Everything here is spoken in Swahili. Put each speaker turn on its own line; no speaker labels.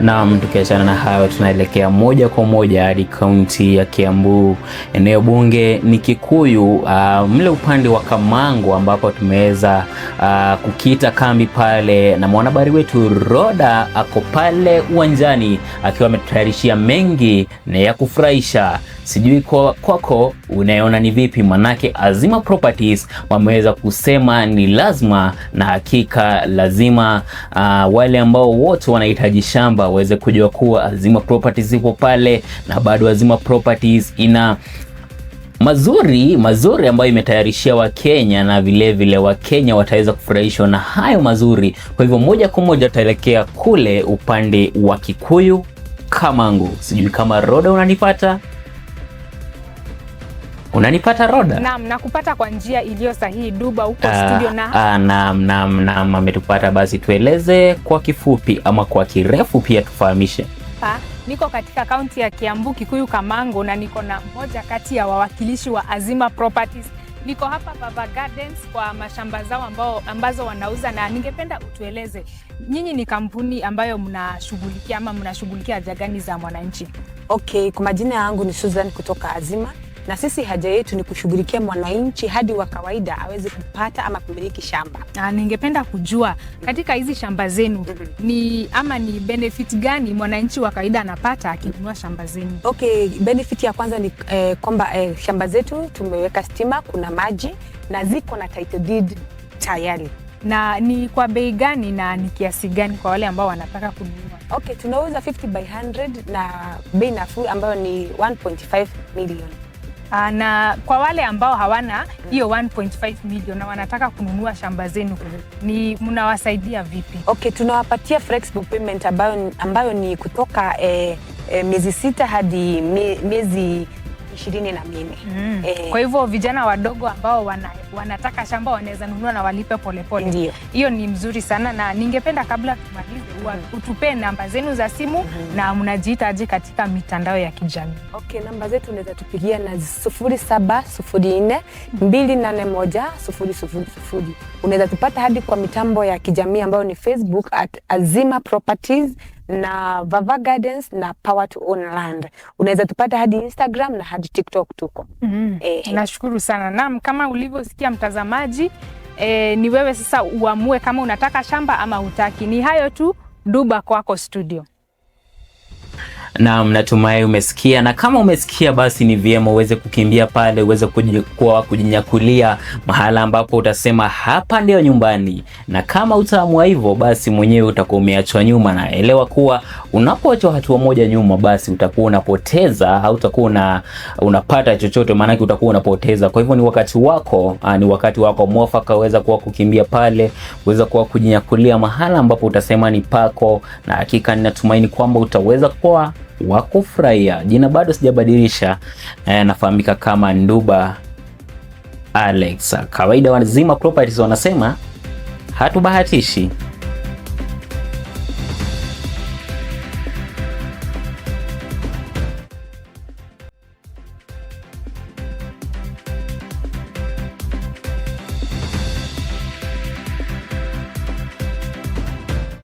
Naam, tukiachana na hayo, tunaelekea moja kwa moja hadi kaunti ya Kiambu. Eneo bunge ni Kikuyu, uh, mle upande wa Kamango ambapo tumeweza uh, kukita kambi pale, na mwanahabari wetu Roda ako pale uwanjani akiwa ametutayarishia mengi na ya kufurahisha. Sijui kwa kwako unaona ni vipi? Manake Azima Properties wameweza kusema ni lazima na hakika lazima, uh, wale ambao wote wanahitaji shamba waweze kujua kuwa Azima Properties ipo pale na bado Azima Properties ina mazuri mazuri ambayo imetayarishia Wakenya na vilevile Wakenya wataweza kufurahishwa na hayo mazuri. Kwa hivyo moja kwa moja tutaelekea kule upande wa Kikuyu Kamangu. Sijui kama Roda unanipata? Unanipata Roda?
Naam, nakupata kwa njia iliyo sahihi. Duba uko ah, studio na
Ah, naam, naam, naam, ametupata. Basi tueleze kwa kifupi ama kwa kirefu pia tufahamishe.
Pa, ah, niko katika kaunti ya Kiambu, Kikuyu, Kamango na niko na moja kati ya wawakilishi wa Azima Properties. Niko hapa Baba Gardens kwa mashamba zao ambao, ambazo wanauza na ningependa utueleze nyinyi ni kampuni ambayo mnashughulikia ama mnashughulikia haja gani za mwananchi?
Okay, kwa majina yangu ni Susan kutoka Azima na sisi haja yetu ni kushughulikia mwananchi hadi wa kawaida aweze kupata ama kumiliki shamba.
Na ningependa kujua katika hizi shamba zenu mhm. ni ama ni benefit gani mwananchi wa kawaida anapata akinunua shamba zenu?
Okay, benefit ya kwanza ni eh, kwamba eh, shamba zetu tumeweka stima, kuna maji na ziko na title deed tayari
na ni kwa bei gani na ni kiasi gani kwa wale ambao wanataka kununua?
Okay, tunauza 50 by 100 na bei nafuu ambayo ni 1.5 milioni.
Ah, na kwa wale ambao hawana hiyo 1.5 million na wanataka kununua shamba zenu ni mnawasaidia vipi?
Okay, tunawapatia flexible payment ambayo, ambayo ni kutoka eh, eh, miezi sita hadi miezi ishirini na nne.
Mm. Eh. kwa hivyo vijana wadogo ambao wana, wanataka shamba wanaweza nunua na walipe polepole. Ndio. Hiyo ni mzuri sana na ningependa kabla tumalize mm-hmm. utupee namba zenu za simu mm -hmm. na mnajiitaje katika mitandao ya kijamii?
Okay, namba zetu unaweza tupigia na sufuri sufuri sufuri. Unaweza tupata hadi kwa mitambo ya kijamii ambayo ni Facebook at Azima Properties na Vava Gardens na Power to Own Land. Unaweza tupata hadi Instagram na hadi TikTok tuko.
Mm -hmm. Eh, nashukuru sana. Naam, kama ulivyosikia mtazamaji, eh, ni wewe sasa uamue kama unataka shamba ama hutaki. Ni hayo tu, duba kwako studio
na mnatumai umesikia, na kama umesikia, basi ni vyema uweze kukimbia pale, uweze kujikua kujinyakulia mahala ambapo utasema hapa ndio nyumbani, na kama utaamua hivyo, basi mwenyewe utakuwa umeachwa nyuma, na elewa kuwa unapoachwa hatua moja nyuma, basi utakuwa unapoteza au utakuwa una, unapata chochote, maanake utakuwa unapoteza. Kwa hivyo ni wakati wako a, ah, ni wakati wako mwafaka uweza kuwa kukimbia pale, uweza kuwa kujinyakulia mahala ambapo utasema ni pako, na hakika ninatumaini kwamba utaweza kuwa wakufurahia. Jina bado sijabadilisha, eh, nafahamika kama Nduba Alexa. Kawaida wazima properties wanasema hatubahatishi.